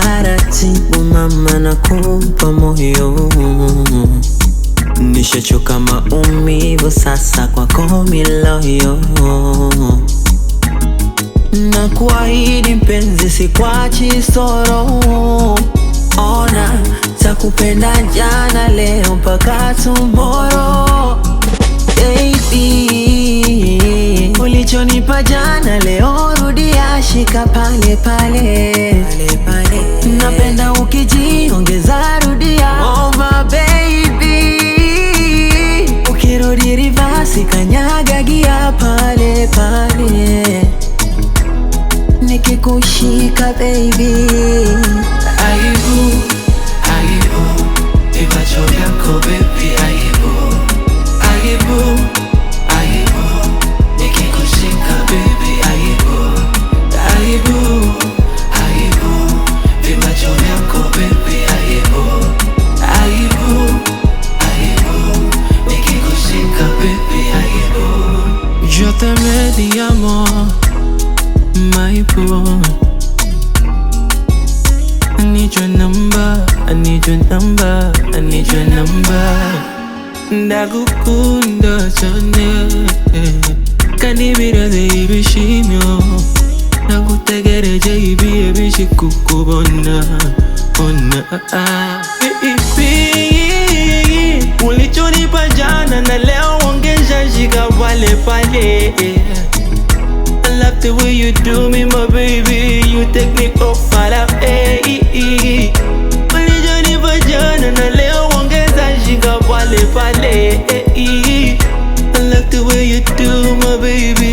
Taratibu mama, nakupa moyo, nishachoka maumivu, sasa kwako miloyo. Nakuahidi mpenzi, sikwachi soro, ona takupenda jana, leo mpaka tomorrow. Baby, ulichonipa jana, leo rudia, shikapa nikirivasi kanyaga gia pale pale, nikikushika baby, aibu aibu, ivacho yako baby Yo te metí amor, my bro. I need your number, I need your number, I need your number. ndagukunda cyane kandi biraze ibishimyo nagutegereje ibihe bije kukubona ona ah, ah. ulichonipa jana na leo you got I love the way you do me, my baby. You take me up, my love. Hey, ulijoni vajana na leo ongeza shiga wale pale. Eh, eh, eh. I love the way you do, my baby.